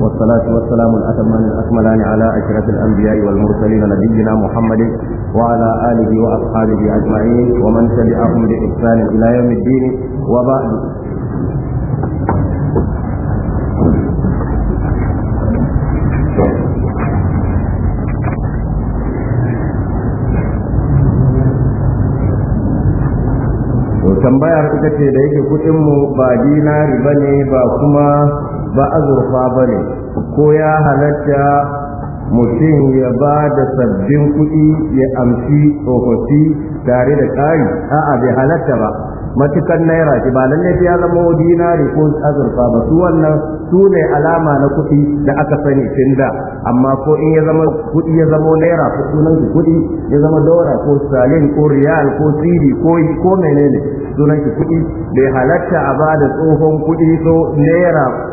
والصلاة والسلام الأتمان الأكملان على أشرف الأنبياء والمرسلين نبينا محمد وعلى آله وأصحابه أجمعين ومن تبعهم بإحسان إلى يوم الدين وبعد tambayar ita ce da yake kuɗinmu ba dinari ba ne ba kuma ba azurfa ba ne ko ya halatta mutum ya ba da sabbin kuɗi ya amshi tsofaffi tare da ƙari a'a bai halatta ba matukan naira ki ba lalle ya zama dinari ko azurfa ba su wannan su ne alama na kuɗi da aka sani tun da amma ko in ya zama kuɗi ya zama naira ko sunan ki kuɗi ya zama dora ko salin ko riyal ko siri ko ko menene sunan ki kuɗi bai halatta a ba da tsohon kuɗi so naira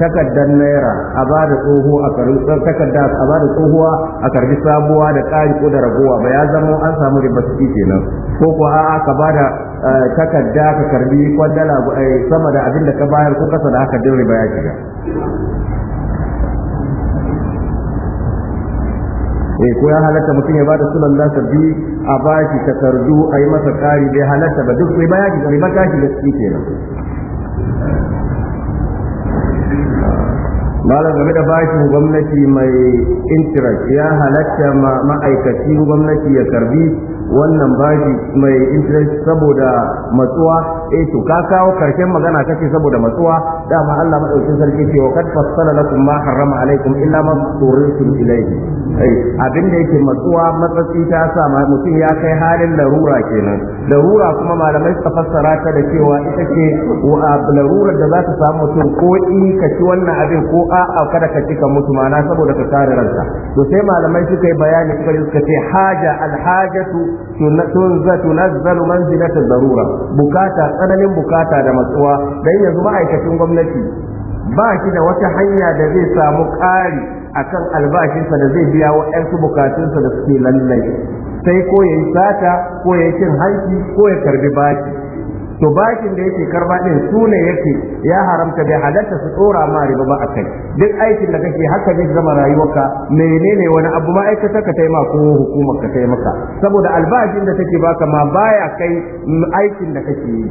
takardar naira a ba da tsoho a karbi eh, takarda a ba da tsohuwa a karbi sabuwa da ƙari ko da ragowa ba ya zama an samu ribaski kenan ko ko a ka ba da eh, takarda ka karbi kwandala eh, sama da abin da ka bayar ko kasa da haka din riba ya shiga eh ko ya halatta mutum ya ba da sunan nasa bi a bashi takardu a yi masa ƙari bai halatta ba duk riba ya shiga riba ta shiga ciki kenan malam game da bashin gwamnati mai interest ya halatta ma'aikacin gwamnati ya karbi wannan bashi mai interest saboda matsuwa eh to ka kawo karshen magana kace saboda matsuwa dama Allah madaukakin sarki ce wa kad fassala lakum ma harrama alaikum illa ma turitum ilayhi eh abin da yake matsuwa matsatsi ta sa mutum ya kai halin larura kenan larura kuma malamai suka fassara ta da cewa ita ce wa larurar da za ta samu mutum ko in ka ci wannan abin ko a a kada ka cika mutu saboda ka kare ranka to sai malamai suka yi bayani suka suka ce haja alhajatu tunza tunazzalu manzilata darura bukata tsananin bukata da matsuwa dan yanzu ma'aikacin gwamnati ba shi da wata hanya da zai samu ƙari akan albashinsa da zai biya wa 'yansu bukatunsa da suke lallai sai ko ya sata ko ya cin hanci ko ya karbi baki to bakin da yake karba din su ne yake ya haramta bai halatta su tsora ma riba ba kai, duk aikin da kake haka ne zama rayuwarka menene wani abu ma aikata ka taima ko hukumar ka taimaka saboda albashin da take baka ma baya kai aikin da kake yi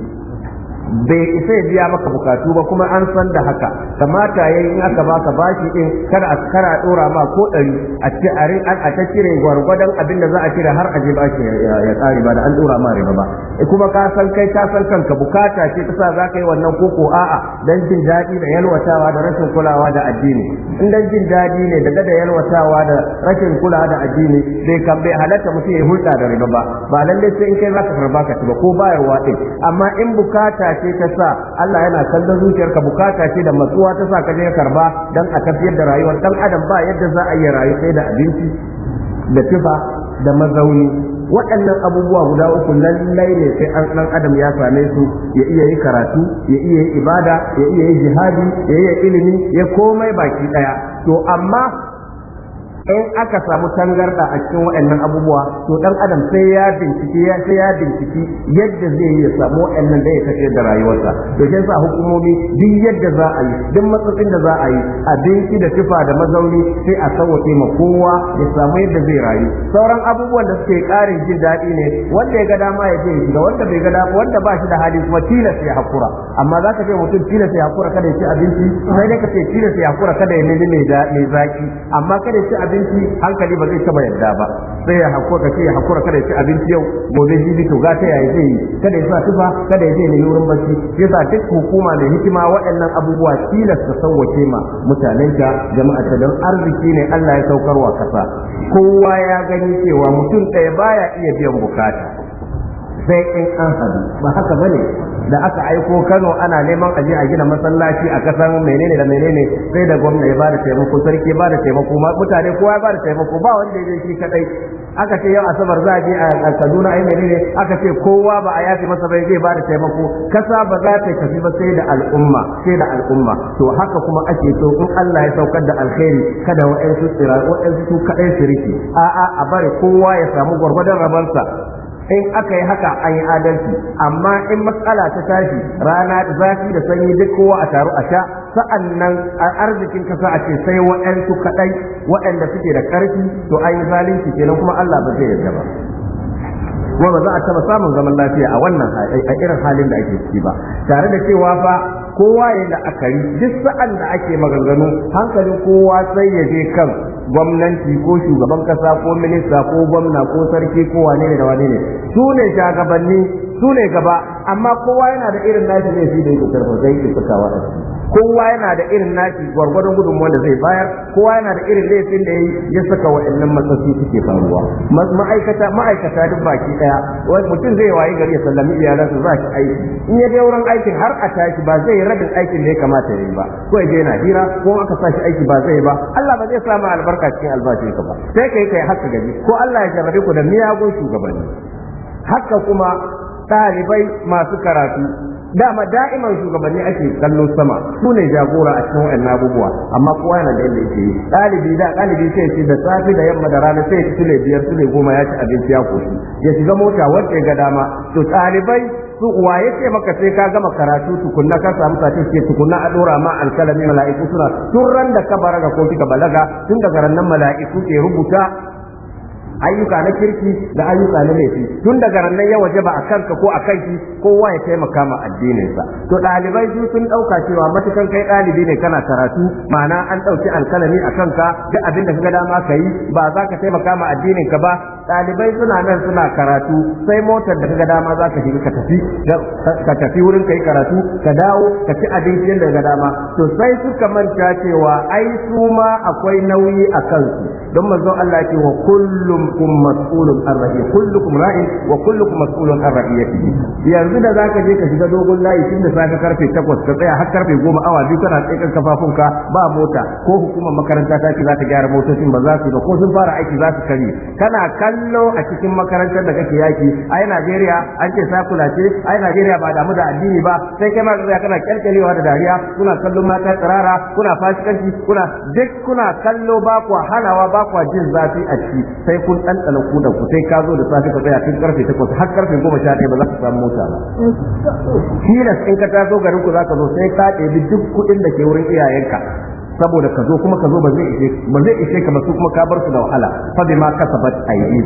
bai isa ya biya maka bukatu ba kuma an san da haka kamata yayi in aka baka bashi din kada a kara dora ma ko dari a ce a rin an a ta gwargwadon abin da za a kira har a je bashi ya tsari ba da an dora ma riba ba e kuma ka san kai ka san kanka bukata ce ta sa za ka yi wannan koko a'a dan jin daɗi da yalwatawa da rashin kulawa da addini in dan jin daɗi ne daga da yalwatawa da rashin kulawa da addini bai kan bai halatta mutum ya hulɗa da riba ba ba lalle sai in kai za ka karba ka ci ba ko bayarwa din amma in bukata ce ta sa Allah yana kallon zuciyarka bukata ce da matsuwa ta sa ka je karba dan a tafiyar da rayuwar dan adam ba yadda za a yi rayu sai da abinci da tufa da mazauni waɗannan abubuwa guda uku lallai ne sai an ɗan adam ya same su ya iya yi karatu ya iya yi ibada ya iya yi jihadi ya iya ilimi ya komai baki ɗaya to amma in aka samu tangarda a cikin waɗannan abubuwa to dan adam sai ya bincike ya sai ya binciki yadda zai yi ya samu waɗannan da ya tafi da rayuwarsa to kin yasa hukumomi duk yadda za a yi duk matsatsin da za a yi a abinci da tufa da mazauni sai a sauwake ma kowa ya samu yadda zai rayu sauran abubuwan da suke ƙarin jin daɗi ne wanda ya ga dama ya je da wanda bai ga dama wanda ba shi da hali kuma tilas ya hakura amma za ka ce mutum tilas ya hakura kada ya ci abinci sai dai ka ce tilas ya hakura kada ya nemi mai zaki amma kada ya ci abinci hankali ba zai taba yadda ba sai ya hakura ce ya hakura kada ya ci abinci yau gobe jibi to ga ta yayi zai yi kada ya sa tufa kada ya je ne yurin bacci yasa duk hukuma mai hikima waɗannan abubuwa tilasta sauwake ma mutanen ka jama'a ta don arziki ne Allah ya saukarwa kasa kowa ya gani cewa mutum ɗaya baya iya biyan bukata sai in an hadu ba haka bane da aka aiko Kano ana neman aje a gina masallaci a kasan menene da menene sai da gwamna ya bada taimako sarki bada taimako mutane kowa ya bada taimako ba wanda ya shi kadai aka ce yau asabar za a je a Kaduna ai menene aka ce kowa ba a yafi masa bai zai bada taimako kasa ba za ta tafi ba sai da al'umma sai da al'umma to haka kuma ake so in Allah ya saukar da alkhairi kada wa'ansu tsira wa'ansu su kadai su a'a a bari kowa ya samu gwargwadon rabansa in aka yi haka an yi adalci amma in matsala ta tashi rana zafi da sanyi duk kowa a taru a sha sa'an nan arzikin kasa a ce sai waɗansu kaɗai waɗanda suke da ƙarfi to an yi zalunci kenan kuma Allah ba zai yarda ba kuma ba za a taba samun zaman lafiya a wannan a irin halin da ake ciki ba tare da cewa fa kowa ya la'akari duk sa'an da ake maganganu hankalin kowa sai ya je kan gwamnati ko shugaban kasa ko minista ko gwamna ko sarki ko wane ne da wane ne su ne shagabanni su ne gaba amma kowa yana da irin nashi ne shi da yake karfa zai yake sakawa a ciki kowa yana da irin nashi gwargwadon gudun wanda zai bayar kowa yana da irin laifin da ya saka waɗannan matsatsi suke faruwa ma'aikata ma'aikata duk baki daya mutum zai wayi gari ya sallami iyalansa za shi aiki in ya je wurin aikin har a tashi ba zai rabin aikin da ya kamata ya yi ba ko ya je yana hira ko aka sa shi aiki ba zai ba Allah ba zai sa ma albarka cikin albashin ka ba sai kai kai haka gari ko Allah ya jarrabe ku da miyagun shugabanni haka kuma ɗalibai masu karatu dama da'iman shugabanni ake kallon sama su ne jagora a cikin wa'annan abubuwa amma kowa yana da yadda yake yi ɗalibi da ɗalibi sai shi da safi da yamma da rana sai shi sule biyar sule goma ya ci abinci ya koshi ya shiga mota wacce ga dama to ɗalibai su uwa ya ce maka sai ka gama karatu tukunna ka samu sace ke tukunna a dora ma alkalami mala'iku suna tun ran da ka baraga ko kika balaga tun daga ran mala'iku ke rubuta ayyuka na kirki da ayyuka na laifi tun daga ranar ya waje ba a kanka ko a kanki kowa ya taimaka ma addininsa to ɗalibai su sun ɗauka cewa matukan kai ɗalibi ne kana karatu ma'ana an ɗauki alkalami a kanka duk abin da kaga dama ka yi ba za ka taimaka ma addinin ka ba Dalibai suna nan suna karatu sai motar da kaga dama za ka shiga ka tafi ka tafi wurin kai karatu ka dawo ka ci abinci da ga dama to sai suka manta cewa ai su ma akwai nauyi a kansu don manzon Allah ke wa kullum kum mas'ulun an kullukum ra'in wa kullukum mas'ulun yanzu da zaka je ka shiga dogon layi tun da safe karfe 8 ka tsaya har karfe 10 awa biyu kana tsaye kan kafafunka ba mota ko hukumar makaranta ta ce za ta gyara motocin ba za su ba ko sun fara aiki za su kare kana kan kallo a cikin makarantar da kake yaki ai Najeriya an ce sakula ce ai Najeriya ba damu da addini ba sai kai ma kaga kana kyalkyalewa da dariya kuna kallon mata tsirara kuna fasikanci kuna duk kuna kallo ba ku hanawa ba ku jin zafi a ciki sai kun ɗanɗana ku da ku sai ka zo da safe ka tsaya tun karfe 8 har karfe 11 ba za ka samu mota ba tilas in ka taso garin ku za ka zo sai ka ɗebi duk kuɗin da ke wurin iyayenka saboda ka zo kuma ka zo ba zai ishe ba zai ishe ka ba su kuma ka bar su da wahala fa kasa kasabat aydin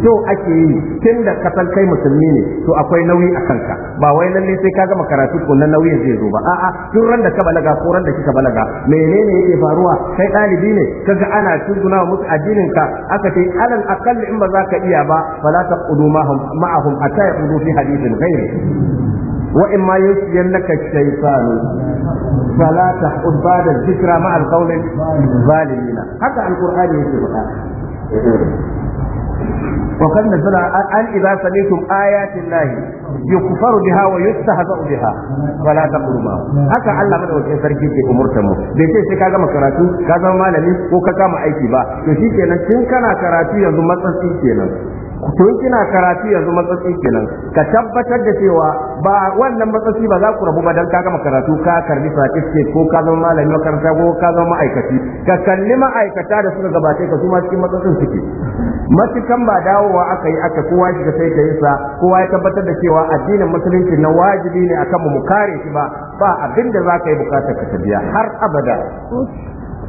to ake yi tunda ka san kai musulmi ne to akwai nauyi a kanka ba wai lalle sai ka gama karatu ko na nauyin zai zo ba a'a duk ran da ka balaga ko ran da kika balaga menene yake faruwa kai dalibi ne kaga ana wa musu addinin ka aka ce alal aqall in ba za ka iya ba fala taqudu ma'ahum hatta yaqudu fi hadithin ghairi وإما ينسينك الشيطان فلا تحقد بعد الذكرى مع القول الظالمين حتى القرآن يتبقى وقد نزل أن إذا سمعتم آيات الله يكفر بها ويستهزأ بها ولا تقربها haka Allah madaukakin sarki ke umurtar mu bai ce sai ka gama karatu ka zama malami ko ka kama aiki ba to shikenan tun kana karatu yanzu matsatsi kenan tun kina karatu yanzu matsatsi kenan ka tabbatar da cewa ba wannan matsatsi ba za ku rabu ba dan ka gama karatu ka karbi certificate ko ka zama malami makaranta ko ka zama ma'aikaci ka kalli ma'aikata da suka gabace ka su cikin matsatsin suke matukan ba dawowa aka yi aka kowa shiga sai ka yi sa kowa ya tabbatar da cewa addinin musulunci na wajibi ne akan mu kare shi ba ba abinda da za ka yi bukatar ka biya har abada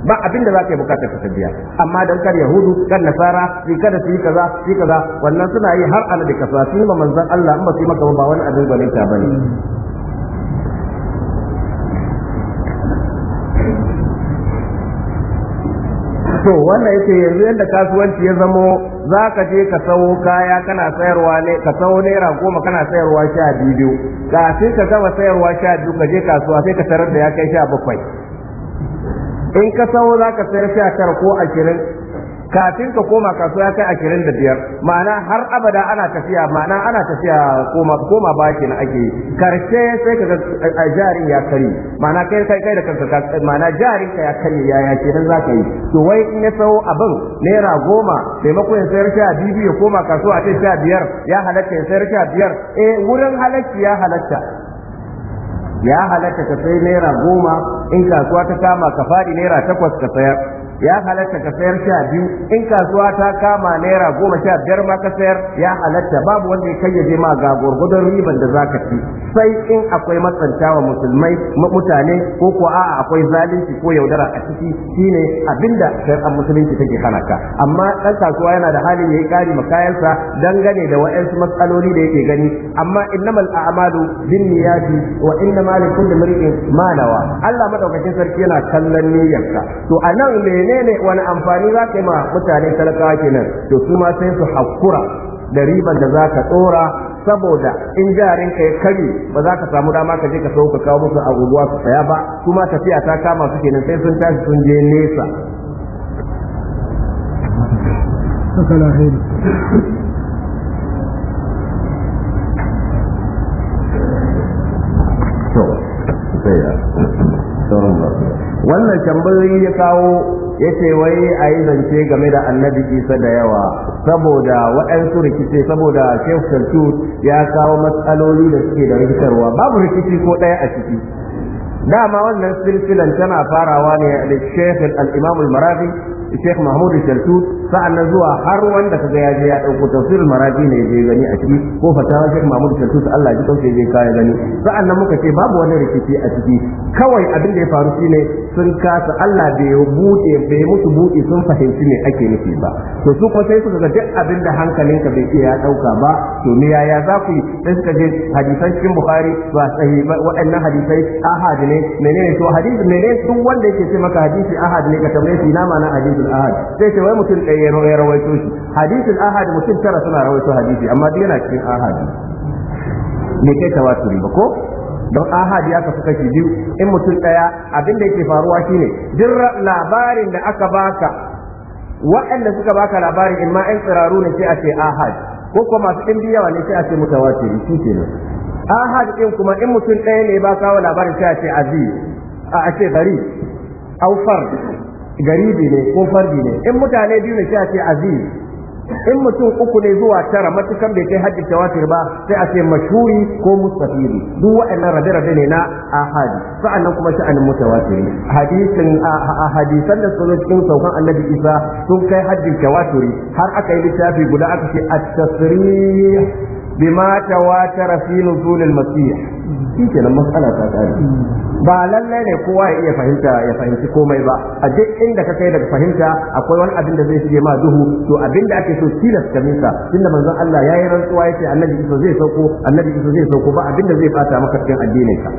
ba abin da za ka yi bukatar ka biya amma dan kar yahudu kan nasara su kada su yi kaza kaza wannan suna yi har ala da kasa su ma manzon Allah in ba su yi maka ba wani abin gwanin ta bane to wannan yake yanzu yadda kasuwanci ya zamo za ka je ka sawo kaya kana sayarwa ne ka sawo naira goma kana sayarwa sha biyu kafin ka gama sayarwa sha biyu ka je kasuwa sai ka tarar da ya kai sha bakwai in ka sawo za ka sayar sha tara ko ashirin kafin ka koma kasuwa ya kai ashirin da biyar ma'ana har abada ana tafiya ma'ana ana tafiya koma koma baki na ake karshe sai ka ga jarin ya kari ma'ana kai kai kai da kanka ma'ana jarin ka ya kari ya ya kenan za ka yi to wai in ya sawo abin naira goma taimakon ya sayar sha biyu ya koma kasuwa a sha biyar ya halatta ya sayar sha biyar eh wurin halacci ya halatta ya halatta ka sai naira goma in kasuwa ta kama ka fadi naira takwas ka sayar ya halatta ka sayar sha biyu in kasuwa ta kama naira goma sha biyar ma ka sayar ya halatta babu wanda ya kayyade ma ga gurgudun riban da zaka ci sai in akwai matsantawa musulmai mutane ko ko a'a akwai zalunci ko yaudara a ciki shine abinda a musulunci take hana ka amma dan kasuwa yana da halin yayi kari makayansa dangane da wa'ansu matsaloli da yake gani amma innamal a'malu binniyati wa innamal likulli mar'in ma nawa Allah madaukakin sarki yana kallon niyyarka to anan ne menene wani amfani za ka yi ma mutane talakawa kenan to su ma sai su hakura da riban da za ka tsora saboda in jarin ka ya kari ba za ka samu dama ka je ka sauka kawo musu abubuwa su saya ba kuma tafiya ta kama su kenan sai sun tashi sun je nesa wannan tambayoyi ya kawo yace wai a yi zance game da annabi isa da yawa saboda waɗansu rikice saboda shehu sarki ya kawo matsaloli da suke da rikitarwa babu rikici ko ɗaya a ciki dama wannan silsilan tana farawa ne da shehu al-imam marafi Sheikh Mahmud Shaltu sa'annan zuwa har wanda kaga ya je ya dauko tafsir maraji ne je gani a ciki ko fatawa Sheikh Mahmud Shaltu Allah ji kauke je kaya gani sa'annan muka ce babu wani rikici a ciki kawai abin da ya faru shine sun kasa Allah bai buɗe bai musu buɗe sun fahimci me ake nufi ba to su ko sai suka ga duk abin da hankalinka bai iya ya dauka ba to ya yaya za ku yi sai suka je hadisan cikin Bukhari ba sahi waɗannan hadisai ahad ne menene to hadisi menene duk wanda yake ce maka hadisi ahad ne ka tambaye shi na na hadisi hadisul ahad sai ce wai mutum ɗaya ya rawaito shi hadisul ahad mutum tara suna rawaito hadisi amma duk yana cikin ahad ne kai tawaturi ba ko don ahadi ya kafa kashi biyu in mutum ɗaya abin da yake faruwa shine duk labarin da aka baka waɗanda suka baka labarin in ma ɗan tsiraru ne sai a ce ahad ko kuma masu ɗin yawa ne sai a ce mutawatiri shi nan ahad ɗin kuma in mutum ɗaya ne ba kawo labarin sai a ce aziz a ce bari au garibi ne ko fardi ne in mutane biyu ne sai a ce aziz in mutum uku ne zuwa tara matukan bai kai haddi tawafir ba sai a ce mashuri ko mustafiri duk waɗannan rabe-rabe ne na ahadi sa'annan kuma sha'anin mutawatiri hadisin a hadisan da sunan cikin saukan annabi isa sun kai haddin tawatiri har aka yi littafi guda aka ce at-tasrih بما تواتر في نزول المسيح shike nan matsala ta tsari ba lallai ne kowa ya iya fahimta ya fahimci komai ba a duk inda ka kai daga fahimta akwai wani abin da zai shige ma duhu to abin da ake so tilas ka nisa tunda manzon Allah ya yi rantsuwa yace annabi isa zai sauko annabi isa zai sauko ba abin da zai fata maka cikin addinin ka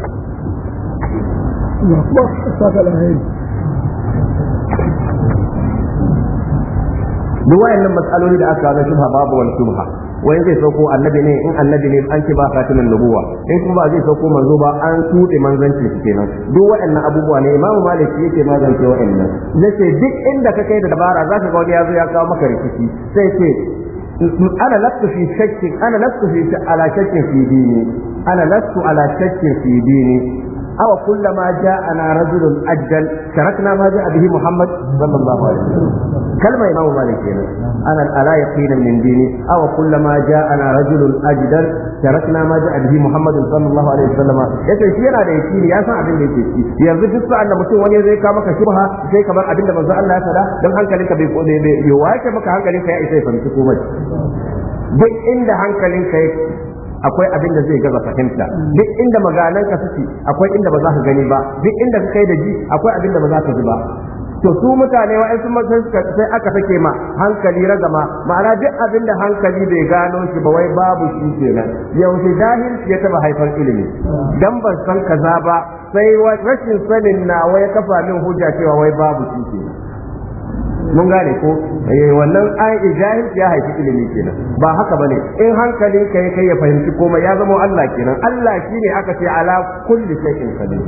duk wayannan matsaloli da aka ga shubha babu wani shubha wai zai sauko annabi ne in annabi ne an ce ba khatimin nubuwa in kuma ba zai sauko manzo ba an tuɗe manzancin su kenan duk waɗannan abubuwa ne imamu malik yake magance waɗannan nace duk inda ka kai da dabara za ka ga wani ya zo ya kawo maka rikici sai ce ana lastu fi shakkin ana lastu fi ala shakkin fi dini ana lastu ala shakkin fi dini aw kullama ja'ana rajulun ajjal tarakna ma ja'a bihi muhammad sallallahu alaihi wasallam kalma imamu malik kenan ana ala yaqinan min dini aw kullama ja'ana rajulun ajdal tarakna ma ja'a bihi muhammad sallallahu alaihi wasallam yace shi yana da yaqini ya san abin da yake ci yanzu duk sa'an da mutum wani zai ka maka shubha sai kamar abin da manzo Allah ya faɗa dan hankalinka bai bai wace maka hankalinka ya isa ya fahimci komai duk akwai abin da zai gaza fahimta duk inda maganan ka suke akwai inda ba za ka gani ba duk inda ka kai da ji akwai abin da ba za ka ji ba to su mutane wa'in sun sai aka sake ma hankali ragama ma'ana duk abin da hankali bai gano shi ba wai babu shi kenan yaushe jahilci ya taba haifar ilimi dan ban san kaza ba sai rashin sanin nawa ya kafa min hujja cewa wai babu shi kenan mun gane ko eh, wannan ai ya haifi ilimi kenan ba haka bane in hankali ka ya kai ya fahimci komai ya zama Allah kenan Allah shine aka ce ala kulli shay'in qadir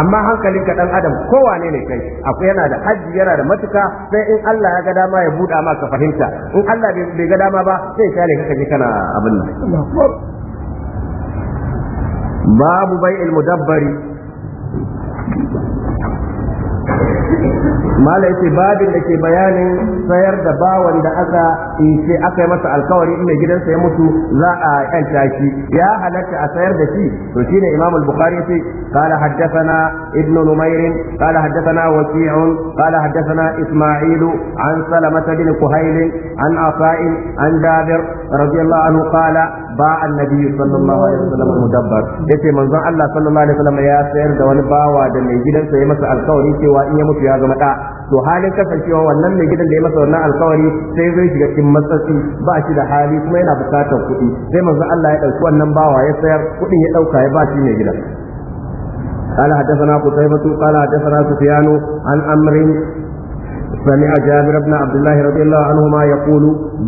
amma hankalin ka dan adam kowane ne kai akwai yana da hajji yana da matuka sai in Allah ya ga dama ya buɗa ma ka fahimta in Allah bai ga dama ba sai ka ne kaje kana abin nan babu bai'il mudabbari mala yace babin da ke bayanin sayar da bawan da aka ce aka yi masa alkawari inda gidansa ya mutu za a yanta shi ya halatta a sayar da shi to shine imam al-bukhari yace qala haddathana ibnu numair qala haddathana waki' qala haddathana isma'il an salamah bin kuhayl an afa an jabir radiyallahu anhu qala ba annabi sallallahu alaihi wasallam mudabbar yace manzon Allah sallallahu alaihi wasallam ya sayar da wani bawa da mai gidansa ya masa alkawari cewa in ya mutu ya zama da to halin kasancewa wannan mai gidan da ya masa wannan alkawari sai zai shiga cikin matsatsi ba shi da hali kuma yana bukatar kuɗi sai manzon Allah ya ɗauki wannan bawa ya sayar kuɗin ya ɗauka ya ba shi mai gidan قال حدثنا قتيبة قال حدثنا سفيان عن أمر سمع جابر بن عبد الله رضي الله عنهما يقول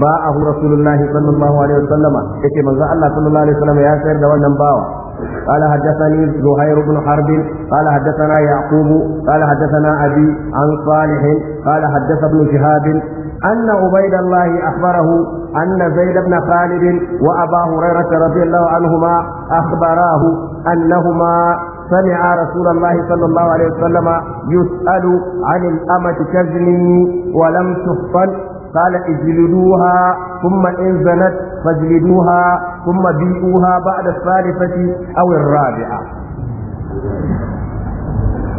باعه رسول الله صلى الله عليه وسلم يكي من الله صلى الله عليه وسلم يا سيد دوان باعه قال حدثني زهير بن حرب قال حدثنا يعقوب قال حدثنا أبي عن صالح قال حدث ابن شهاب أن عبيد الله أخبره أن زيد بن خالد وأبا هريرة رضي الله عنهما أخبراه أنهما سمع رسول الله صلى الله عليه وسلم يسأل عن الأمة تزني ولم تفطن قال اجلدوها ثم إن زنت فاجلدوها ثم بيئوها بعد الثالثة أو الرابعة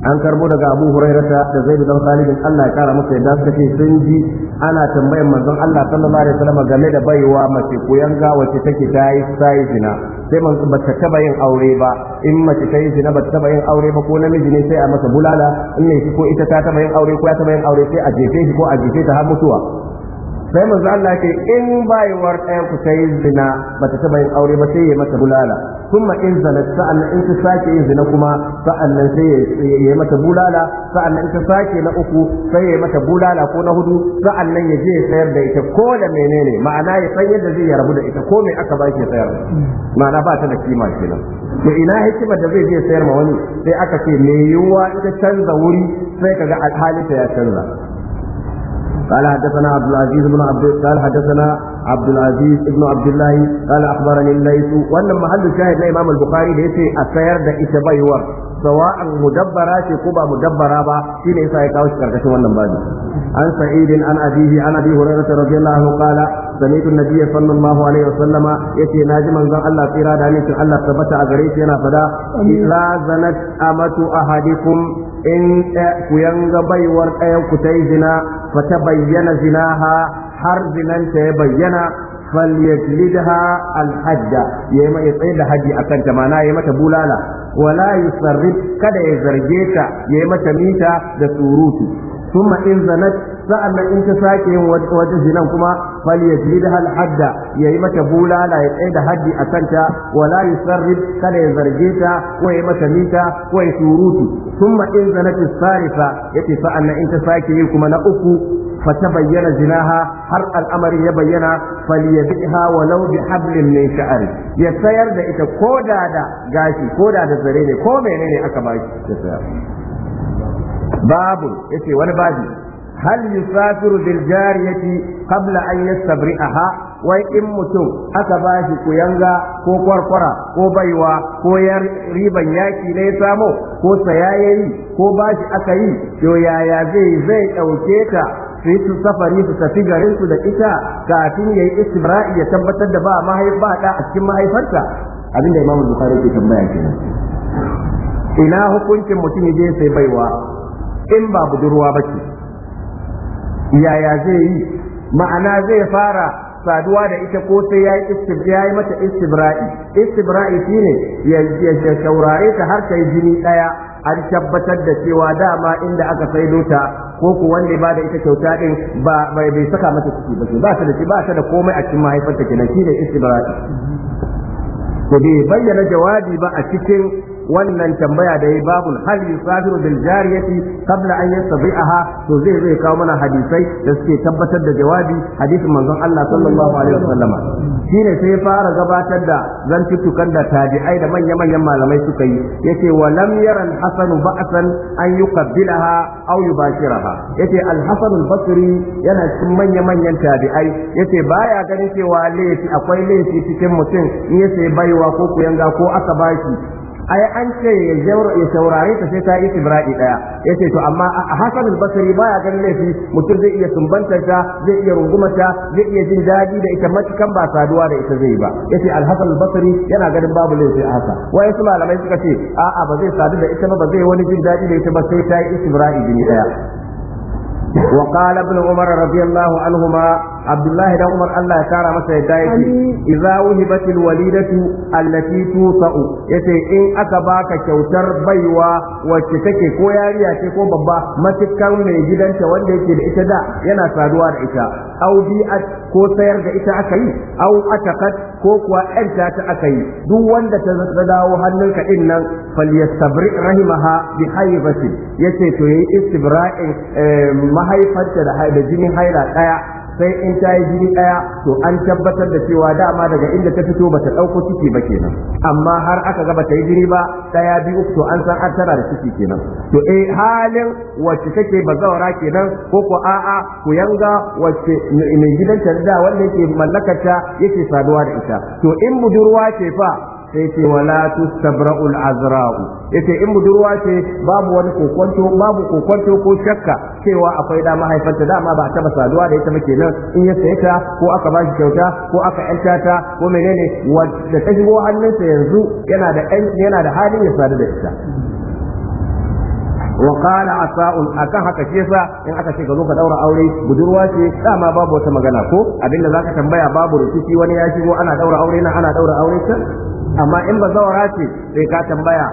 an karbo daga Abu Hurairata da zai bin talibin Allah ya kara masa yadda suka ce sun ji ana tambayan manzon Allah sallallahu alaihi wasallam game da baiwa mace kuyanga wacce take tayi sai zina sai man ba ta taba yin aure ba in mace ta yi zina ba ta taba yin aure ba ko namiji ne sai a masa bulala in ne ko ita ta taba yin aure ko ya taba yin aure sai a jefe shi ko a jefe ta har mutuwa sai manzo Allah ce in bayuwar ɗayan ku ta yi zina bata taba yin aure ba sai ya mata bulala kuma in zanat sa'an in ta sake yin zina kuma sa'an nan sai ya mata bulala sa'an nan in ta sake na uku sai ya mata bulala ko na hudu sa'an nan ya je ya sayar da ita ko da menene ma'ana ya san yadda zai ya rabu da ita ko me aka ba shi sayar ma'ana ba ta da kima kenan to ina hikima da zai je ya sayar ma wani sai aka ce me yiwuwa ita canza wuri sai kaga alhalinta ya canza قال حدثنا عبد العزيز بن عبد قال حدثنا عبد العزيز بن عبد الله قال اخبرني الليث وان محل الشاهد لامام البخاري ليس السير ده اتبايور sawa'an mudabbara ce ko ba mudabbara ba shi ne yasa ya kawo shi karkashin wannan babu an sa'id an abihi an abi hurairah radhiyallahu qala sami'tu an-nabiyya sallallahu Ya ce na ji manzon Allah tsira da ni Allah tabbata a gare shi yana fada la zanat amatu ahadikum in ku yanga baiwar ɗayan ku ta yi zina fa ta bayyana zinaha har zinanta ya bayyana فليجلدها الحج يما يتسيد حج أكن تمانا يما تبولالا ولا يصرف كذا يزرجيك يما تميتا دسوروتي ثم إن زنت sa'annan in ta sake yin wata zinan kuma fal da al hadda yayi mata bulala ya tsaya da haddi a kanta wala yusarrif kada ya zarge ta ko ya mata mita ko ya surutu thumma in zanat sarifa sa'an sa'annan in ta sake yi kuma na uku bayyana zinaha, har al'amari ya bayyana faliyadha walau bi hablin min sha'ar ya sayar da ita ko da da gashi koda da zare ne ko menene aka ba shi ya sayar babu yace wani babu hal yusafiru bil jariyati kabla an yastabri'aha wai in mutum aka ba shi kuyanga ko kwarkwara ko baiwa ko riban yaki ya samo ko saya yayi ko bashi aka yi to yaya zai zai dauke ta su yi safari su tafi garinsu da ita kafin yayi istibra'i ya tabbatar da ba a da a cikin mahaifarta abinda imamu bukhari ke tambaya kenan ina hukuncin mutum ya je sai baiwa in ba budurwa bace yaya zai yi ma'ana zai fara saduwa da ita ko sai ya yi mata istibra'i istibra'i shine ya shaurare ta har ta jini ɗaya an tabbatar da cewa dama inda aka saido ta ko ku wanda ba da ita kyauta din ba bai saka mata ciki ba ba ta da ba ta da komai a cikin mahaifarta kenan shine istibra'i to bai bayyana jawabi ba a cikin wannan tambaya da ya babu hal yusafiru bil jariyati qabla an yastabi'aha to zai zai kawo mana hadisai da suke tabbatar da jawabi hadisin manzon Allah sallallahu alaihi wasallam shine sai ya fara gabatar da zantuttukan da tabi'ai da manya-manyan malamai suka yi yace wa lam yara al-hasan ba'san an yuqabbilaha aw yubashiraha yace al-hasan al-basri yana cikin manya-manyan tabi'ai yace baya ganin cewa laifi akwai laifi cikin mutum in yace baiwa ko kuyanga ko aka bashi ai an ce ya saurare ta sai ta yi tibra'i daya ce to amma Hassan al-Basri baya ganin laifi mutum zai iya sumbanta ta zai iya rungumata zai iya jin daɗi da ita matukan ba saduwa da ita zai ba yace al-Hassan al-Basri yana ganin babu laifi a haka wai su malamai suka ce a'a ba zai sadu da ita ba ba zai wani jin daɗi da ita ba sai ta yi isibiraɗi jini daya وقال ابن عمر رضي الله عنهما عبد الله بن عمر الله يسار مسا يدايتي إذا وهبت الوليدة التي توصأ يتي إن أكباك كوتر بيوا وشتكي كو ياريا تكو بابا ما تكاون من جدا تولي كده إتدا ينا سادوار إتا أو بيئت ko sayar da ita aka yi au atakat ko kuwa ƴanta ta aka yi duk wanda ta dawo hannunka din nan falyastabri rahimaha bi haibati yace to yayi istibra'in mahaifarta da da jinin haila ɗaya sai in ta yi jini ɗaya to an tabbatar da cewa dama daga inda ta fito bata ɗauko ciki ba kenan amma har aka gaba ta yi jini ba ɗaya biyu to an san an tara da ciki kenan to eh halin wacce take bazawara kenan ko ko a'a ku yanga wacce mai gidanta da wanda yake mallakarta yake saduwa da ita to in budurwa ce fa sai ce wala tustabra'ul azra'u yace in budurwa ce babu wani kokonto babu kokonto ko shakka cewa akwai da mahaifarta dama ba taba saduwa da ita muke nan in ya saye ta ko aka bashi kyauta ko aka yanta ta ko menene wanda ta shigo hannunsa yanzu yana da yana da halin ya sadu da ita wa qala asa'un akan haka ke sa in aka ce ka zo ka daura aure budurwa ce dama babu wata magana ko abinda zaka tambaya babu rikici wani ya shigo ana daura aure na ana daura aure ta amma in ba zawara ce sai ka tambaya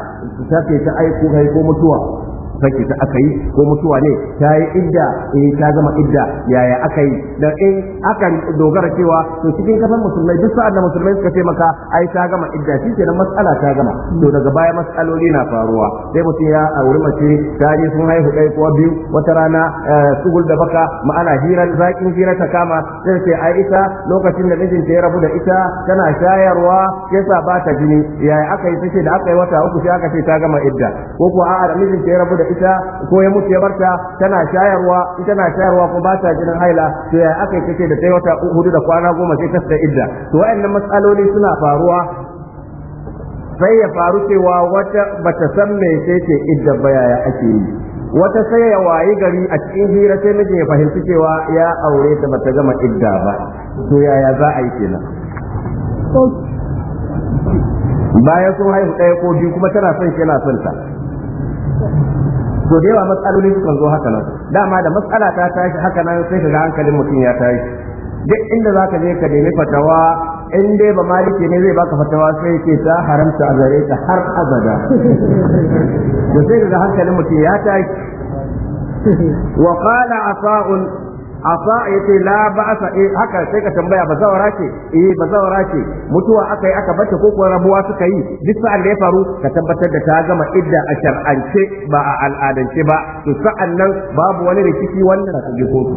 ta ce ta aiko kai ko mutuwa sake ta aka yi ko mutuwa ne ta yi idda eh ta zama idda yaya aka yi dan in aka dogara cewa to cikin kafan musulmai duk sa'ad da musulmai suka taimaka maka ai ta gama idda shi na mas'ala ta gama to daga baya mas'aloli na faruwa sai mutum ya auri mace ta je sun haihu ɗaya ko biyu wata rana eh, sugul da baka ma'ana hirar zakin hira ta kama sai ce ai ita lokacin da mijinta ya rabu da ita tana shayarwa yasa ba ta jini yaya aka yi take da aka yi wata uku sai aka ce ta gama idda ko kuwa a'a da mijinta ya rabu da ita ko ya mutu ya barta tana shayarwa ita na shayarwa ko ba ta jinin haila to ya aka kace da kai wata hudu da kwana goma sai ta da idda to wayannan matsaloli suna faruwa sai ya faru cewa wata bata san me ce ce idda bayaya ake yi wata sai ya wayi gari a cikin hira sai miji ya fahimci cewa ya aure ta bata gama idda ba to yaya za a yi kenan bayan sun haihu ɗaya ko biyu kuma tana son shi yana son ta to da yawa matsaloli sukan zo haka nan dama da matsala ta tashi haka nan sai ka ga hankalin mutum ya tashi duk inda za ka je ka nemi fatawa in dai ba maliki ne zai baka fatawa sai yake ta haramta a gare ka har abada to sai ka ga hankalin mutum ya tashi wa qala asa'un asa ce la asa, eh haka sai ka tambaya ba zawara ce eh zawara ce mutuwa aka yi aka bata ko kuwa rabuwa suka yi duk sa'an da ya faru ka tabbatar da ta gama idda a shar'ance ba a al'adance ba to sa'an nan babu wani rikici wannan su ji kotu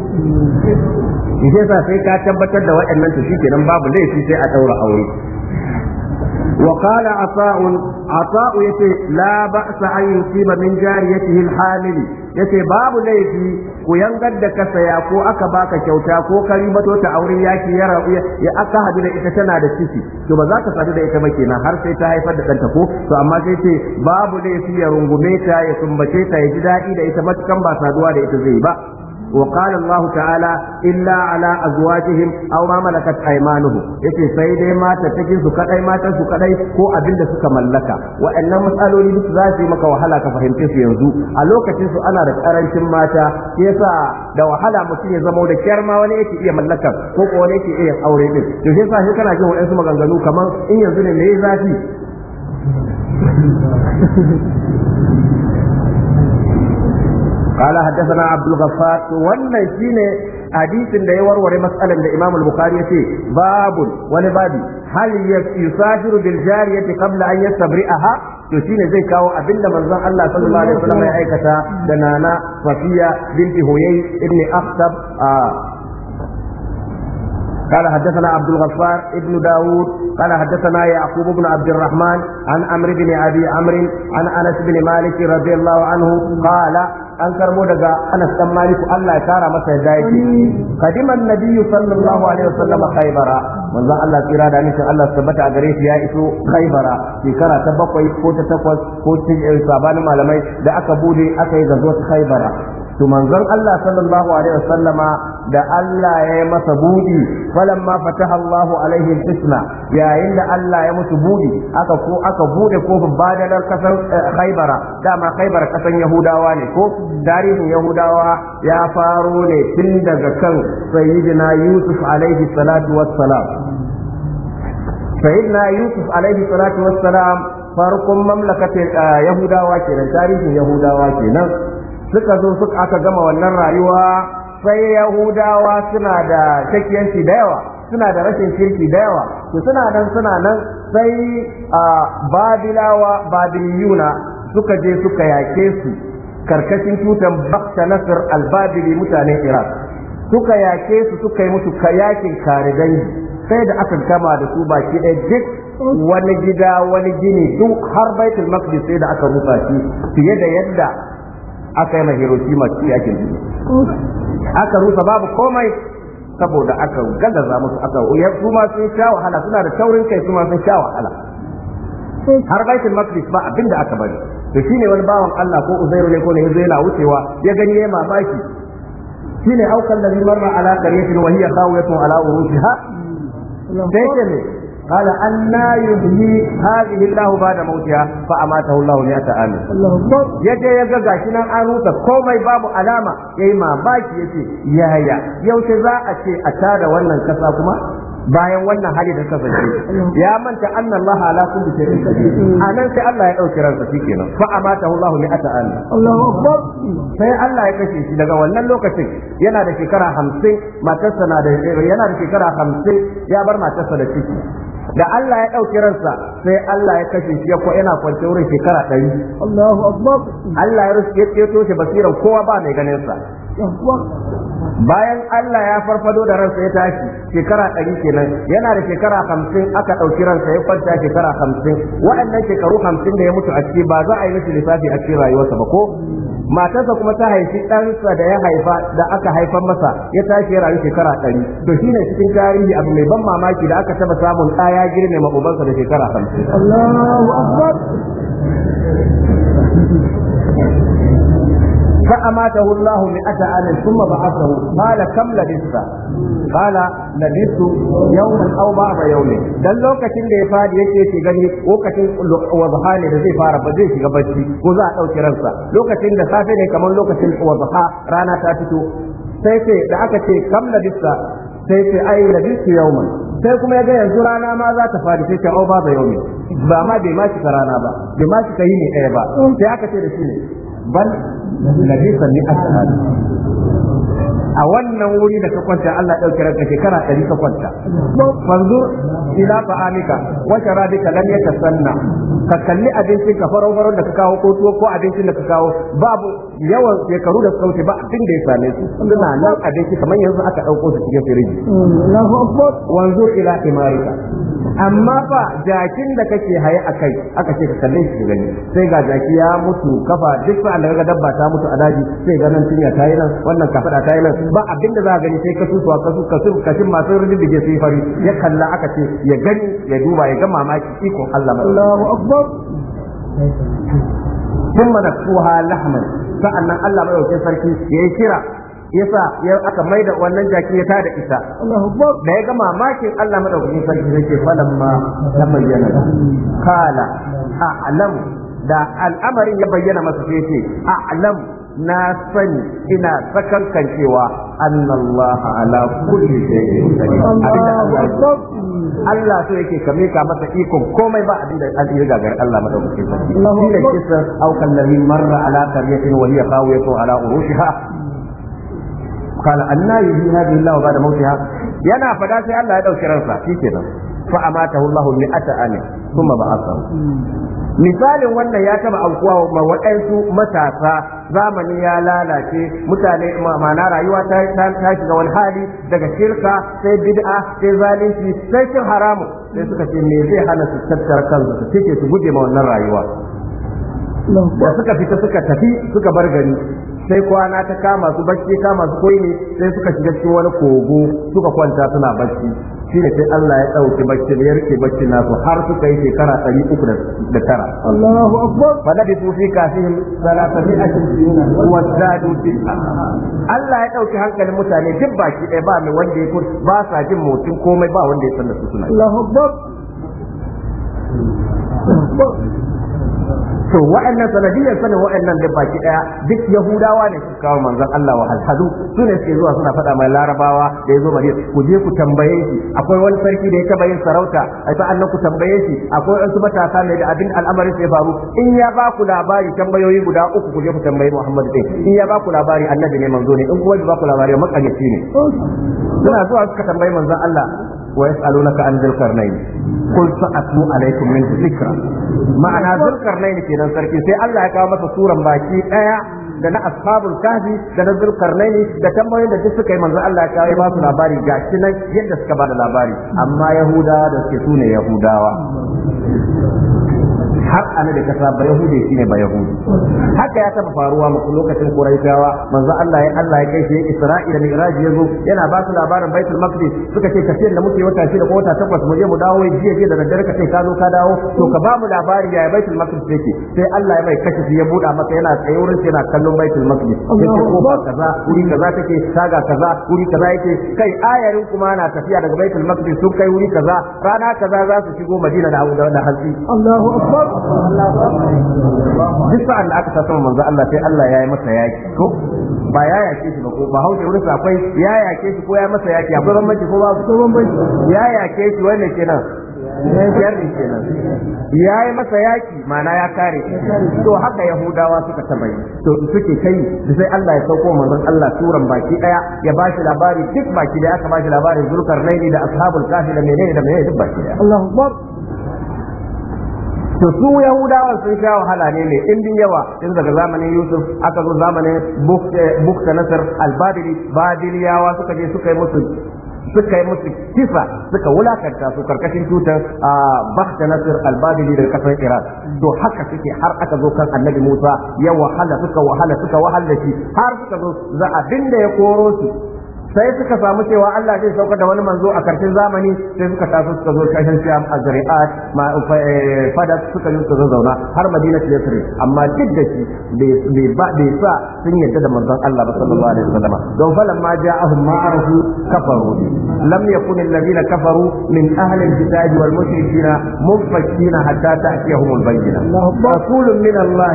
shi sai ka tabbatar da waɗannan to nan babu laifi sai a ɗaura aure وقال عطاء عطاء يتي لا بأس أن يصيب من جاريته الحامل يتي باب ليفي وينقد كسيا كو أكا باكا كوتا كو كريمة تعوري ياكي يرى يا أكا هدو لإتا تنا دا تو بذاك سادو دا إتا مكينا هر سيتا هاي فد كنتا كو تو أما سيتي باب ليفي يرنغميتا يسمبتيتا يجدا إذا إتا مكان باسادوا دا إتا زيبا وقال الله تعالى إلا على أزواجهم أو ما ملكت أيمانهم يتي سيدي ما تتكين سكتي ما تسكتي هو أبن سك ملكا وأن مسألة لبس ذاتي مكا وحلا كفهمت في ينزو ألوك تنسو أنا رأيش ماتا يسا da wahala mutum ya zama da kyar ma wani yake iya mallakar ko ko wani yake iya aure din to shi yasa shi kana jin waɗansu maganganu kamar in yanzu قال حدثنا عبد الغفار وانا شيني حديث ده يورور مسألة الإمام البخاري في باب ولبادي هل يسافر بالجارية قبل أن يستبرئها to shine zai kawo abin da manzon Allah sallallahu alaihi wasallam ya aikata da Nana Safiya binti Huyay ibn Aqtab a قال حدثنا عبد الغفار ابن داود قال حدثنا يعقوب بن عبد الرحمن عن عمرو بن ابي عمرو عن انس بن مالك رضي الله عنه قال an karbo daga Anas dan Maliku Allah ya kara masa yadda yake kadiman nabiyyu sallallahu alaihi wasallam khaybara manzo Allah tsira da nishin Allah tabbata a gare shi ya iso khaybara shekara ta bakwai ko ta takwas ko ta eh, sabanin malamai da aka bude aka yi gazo ta khaybara to manzon Allah sallallahu alaihi wasallama da Allah ya yi masa budi falamma fataha Allahu alaihi isma yayin da Allah ya musu budi aka ko aka bude kofin badalar kasar eh, Khaibara dama Khaibar kasan Yahudawa ne ko tarihin Yahudawa ya faro ne tun daga kan sayyidina Yusuf alaihi salatu wassalam sayyidina Yusuf alaihi salatu wassalam farkon mamlakatin eh, Yahudawa kenan tarihin Yahudawa kenan suka zo suka aka gama wannan rayuwa sai yahudawa suna da shakiyanci da yawa suna da rashin kirki da yawa to suna nan suna nan sai babilawa babiliyuna suka je suka yake su karkashin tutan bakta nasir albabili mutanen iraq suka yake su suka yi musu yakin kare sai da aka kama da su baki ɗaya duk wani gida wani gini duk har baitul maqdis sai da aka rufa shi fiye da yadda aka yi ma Hiroshima ci yakin aka rusa babu komai saboda aka gagaza musu aka ya kuma sun sha wahala suna da taurin kai kuma sun sha wahala har baitul maqdis ba abinda aka bari to shine wani bawan Allah ko Uzairu ne ko ne zai yana wucewa ya gani ya mamaki shine aukan ladhi marra ala qaryatin wa hiya khawiyatun ala urushiha sai ne. قال أنا يحيي هذه الله بعد موتها فأماته الله مئة عام يجي يجي غاشنا أروتا كومي باب علامة يما باكي يتي يا يا a ذا أتي أتادا ونن كساكما bayan wannan hali da kasance ya manta anna Allah ala kulli shay'in qadir anan sai Allah ya dauki ransa shikenan fa amatahu Allah li ata'an Allahu akbar sai Allah ya kashe shi daga wannan lokacin yana da shekara 50 matarsa na da yana da shekara 50 ya bar matarsa da ciki da Allah ya ɗauki ransa sai Allah ya kashe shi ko yana kwance wurin shekara ɗari Allahu akbar Allah ya rufe ya ceto shi basiran kowa ba mai ganin sa bayan Allah ya farfado da ransa ya tashi shekara ɗari kenan yana da shekara hamsin aka ɗauki ransa ya kwanta shekara hamsin waɗannan shekaru hamsin da ya mutu a ciki ba za a yi mishi lissafi a cikin rayuwarsa ba ko matarsa kuma ta haifi ɗansa da ya haifa da aka haifar masa ya tashi ya rayu shekara ɗari to shi ne cikin tarihi abu mai ban mamaki da aka taɓa samun ɗa ya girme da shekara hamsin. فأماته الله مئة عام ثم بعثه قال كم لبثت قال لبثت يوما أو بعض يوم dan lokacin da ya fadi yake ke gani lokacin wadha ne da zai fara ba zai shiga bacci ko za a dauki ransa lokacin da safe ne kamar lokacin wadha rana ta fito sai ce da aka ce kam sai ai sai kuma ya ga yanzu rana ma za ta fadi sai ce au ba ba ma bai ma shi rana ba bai ma shi yi ne ɗaya ba sai aka ce da shi ne bal a wannan wuri da ka kwanta Allah ya dauke ranka shekara 100 ka kwanta manzur ila fa'amika wa sharabika lam yatasanna ka kalli abincin ka farau farau da ka kawo ko tuwo ko abincin da ka kawo babu yawan shekaru da sauti ba abin da ya same su suna nan abinci kamar yanzu aka dauko su cikin firiji mm, Wanzu ila imarika amma fa jakin da kake haye a kai aka ce ka kalle shi gani sai ga jaki ya mutu kafa duk fa da kaga dabba ta mutu a daji sai ga nan cinya ta nan wannan kafada ta yi nan ba abin da za ka gani sai ka susuwa ka su ka su kashin masu riddige sai fari ya kalla aka ce ya gani ya duba ya ga mamaki iko Allah ma. Allahu akbar da نكسوها لحما sa'annan Allah madaukakin sarki ya yi kira yasa ya aka mai da wannan jaki ya tada isa da ya ga mamakin Allah madaukakin sarki sai ce falamma ta bayyana kala a'lam da al'amarin ya bayyana masa sai ce a'lam na sani ina sakankan cewa annallah ala kulli shay'in Allah so yake kame ka masa ikon komai ba abin da an irga gar Allah madaukakin sarki shi da kisan aukan ladhi marra ala qaryatin wa hiya khawiyatun ala urushiha qala anna yuhyi hadhihi Allah ba'da mautiha yana fada sai Allah ya dauki ransa shikenan fa amatahu Allah mi'ata amin thumma ba'athahu misalin wannan ya taba aukuwa ma waɗansu matasa zamani ya lalace mutane mana rayuwa ta ta shiga wani hali daga kirka sai bid'a sai zalunci sai cin haramu sai suka ce me zai hana su tattara kansu su take su guje ma wannan rayuwa da suka fita suka tafi suka bar gari sai kwana ta kama su bacci kama su koyi ne sai suka shiga cikin wani kogo suka kwanta suna bacci shi ne sai Allah ya ɗauki bacci ya rike bacci nasu har suka yi shekara ɗari uku da tara. Allahu Akbar. Fa bi su fi kafin bi a wa zadu bi. Allah ya ɗauki hankalin mutane duk baki ɗaya ba mai wanda ya ba sa jin motsin komai ba wanda ya san da su suna. Allahu Akbar. to wa'annan sanadiyar sanin wa'annan da baki daya duk yahudawa ne suka kawo manzon Allah wa alhadu su ne suke zuwa suna faɗa mai larabawa da ya zo madina ku je ku tambaye shi akwai wani sarki da ya taba yin sarauta ai sa'annan ku tambaye shi akwai wasu matasa ne da abin al'amarin sai faru in ya ba ku labari tambayoyi guda uku ku je ku tambaye Muhammadu din in ya ba ku labari annabi ne manzo ne in kuma ba ku labari makaryaci ne suna zuwa suka tambayi manzon Allah ويسألونك عن ذي القرنين قل سأتلو عليكم منه ذكرا معنى ذي sarki sai Allah ya kawo masa سورة baki ɗaya da na ashabul kahfi da na naini da tambayoyin da duk suka yi manzo Allah ya kawo ba su labari gashi nan yadda suka ba da labari amma yahudawa da suke sune yahudawa har ana da kasa ba yahudi shine ba yahudi haka ya taba faruwa mu lokacin quraishawa manzo Allah ya Allah ya kai shi Isra'ila ya yazo yana ba su labarin Baitul Maqdis suka ce tafiyar da muke wata shida ko wata takwas mu je mu dawo jiya jiya da daddare ka ka zo ka dawo to ka ba mu labari ya Baitul Maqdis yake sai Allah ya mai kashe ya buɗa masa yana tsaye wurin yana kallon Baitul Maqdis yake ko ba kaza wuri kaza take saga kaza wuri kaza yake kai ayarin kuma na tafiya daga Baitul Maqdis sun kai wuri kaza rana kaza za su shigo Madina da da hantsi Allahu akbar duk sa'an da aka sa sama manzo Allah sai Allah ya yi masa yaki ko ba ya yake shi ba ko ba hauke wurin akwai ya yake shi ko ya masa yaki akwai bambanci ko ba ko bambanci ya yake shi wannan kenan ya yi masa yaki mana ya kare to haka yahudawa suka taba yi to suke kai da sai Allah ya sauko manzon Allah turan baki daya ya ba shi labari duk baki daya aka ba shi labarin zulkarnaini da ashabul kahfi da menene da menene duk baki daya Allahu akbar to su yahudawa sun sha wahala ne mai indin yawa tun daga zamanin yusuf aka zo zamanin bukta eh, nasar albadili badiliyawa suka je suka yi musu suka yi musu kisa suka wulakanta su karkashin tutar a ah, bakta nasir albadili daga kasar iraq to haka suke har aka zo kan annabi musa ya wahala suka wahala suka wahala shi har suka zo za abin da ya koro su sai suka samu cewa Allah zai sauka da wani manzo a karshen zamani sai suka taso suka zo kashin siyam azri'at ma eh, fada suka yi suka zauna har madina ta yasri amma duk da shi bai ba bai sa sun yadda da manzon Allah ba sallallahu alaihi wasallam don falan ma ja'ahum ma arafu kafaru lam yakun alladhina kafaru min ahli alkitab wal mushrikina munfakina hatta ta'tiyahum albayyina rasulun min Allah